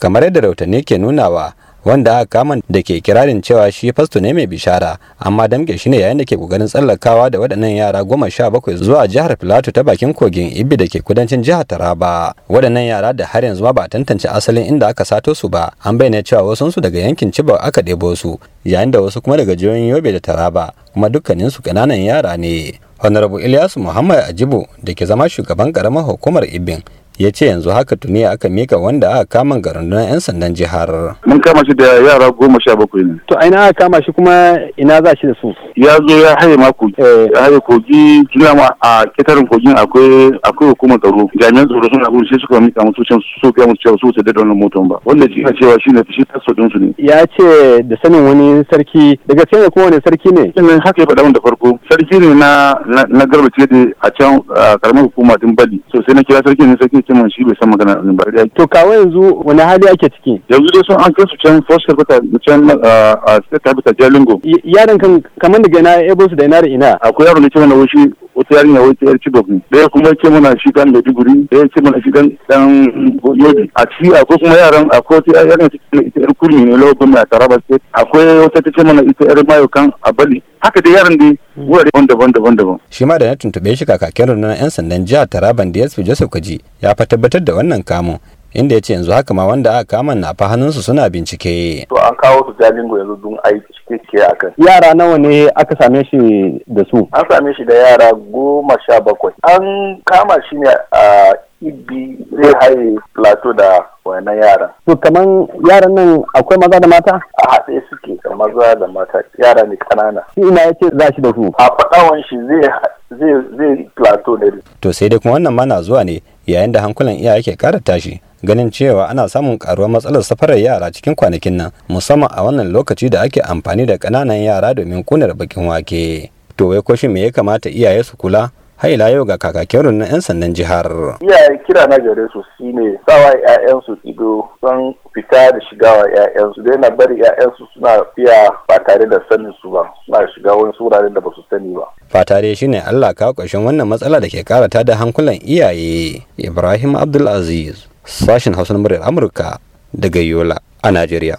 kamar yadda rahotanni ke nunawa wanda aka kama da ke kirarin cewa shi fasto ne mai bishara amma damke shi ne yayin da ke kokarin tsallakawa da waɗannan yara goma sha bakwai zuwa jihar filato ta bakin kogin ibi da ke kudancin jihar taraba waɗannan yara da har yanzu ba tantance asalin inda aka sato su ba an bayyana cewa wasu su daga yankin ciba aka ɗebo su yayin da wasu kuma daga jihohin yobe da taraba kuma dukkaninsu ƙananan yara ne honorable ilyasu muhammad ajibu da ke zama shugaban ƙaramar hukumar ibin ya ce yanzu haka tuni aka mika wanda aka kama ga 'yan sandan jihar. Mun kama shi da yara goma sha bakwai ne. To aina aka kama shi kuma ina za shi da su? Ya zo ya haye ma kogi. Eh. Ya haye kogi tuna ma a ketaren kogin akwai akwai hukumar tsaro. Jami'an tsaro suna gudu sai suka mika musu can su ga musu cewa su su da wannan motan ba. Wanda jika cewa shi ne shi taso din su ne. Ya ce da sanin wani sarki daga kuma wani sarki ne. Sannan haka ya faɗa da farko. sarki ne na na garba ce da a can karamar hukuma din bali so sai na kira sarki ne sarki ce man shi bai san magana ne bari to kawo yanzu wani hali ake ciki yanzu dai sun an kai su can first capital can uh, uh, state capital jalingo yaron kan kamar daga ina ya su da ina da ina akwai yaro ne ke na wushi. wata yarinya wata yar cibok ne ɗaya kuma ce mana shi kan maiduguri ɗaya ce mana shi kan dan yobe a ciki akwai kuma yaran akwai wata yarinya ta ita yar kurmi ne lokacin mai a taraba state akwai wata ta ce mana ita yar mayo kan a bali haka dai yaran dai wurare daban daban daban shi ma da na tuntuɓe shi kakakin rundunar 'yan sandan jihar taraban dsp joseph kaji ya fa tabbatar da wannan kamo inda ya ce yanzu haka ma wanda aka kama na fa hannunsu suna bincike. To an kawo su jalingo yanzu dun aiki cikakke a kan. Yara nawa ne aka same shi da su? An same shi da yara goma sha bakwai. An kama shi ne a Ibi zai haye plateau da wannan yara To kaman yaran nan akwai maza da mata? A haɗe suke da maza da mata yara ne ƙanana. Shi ina ya ce za shi da su? A faɗawan shi zai plateau da To sai dai kuma wannan mana zuwa ne yayin da hankulan iyaye ke kara tashi ganin cewa ana samun karuwar matsalar safarar yara cikin kwanakin nan musamman a wannan lokaci da ake amfani da ƙananan yara domin kunar bakin wake to wai ko me ya kamata iyaye su kula haila yau ga kakakin na 'yan sandan jihar. Iyaye kira na gare su shine sawa 'ya'yansu ido don fita da shigawa 'ya'yansu daina bari 'ya'yansu suna fiya ba tare da sanin su ba suna shiga wani wuraren da ba su sani ba. Fatare shine Allah ka ƙarshen wannan matsala da ke karata da hankulan iyaye Ibrahim Abdulaziz sashen hausa na muryar amurka daga yola a najeriya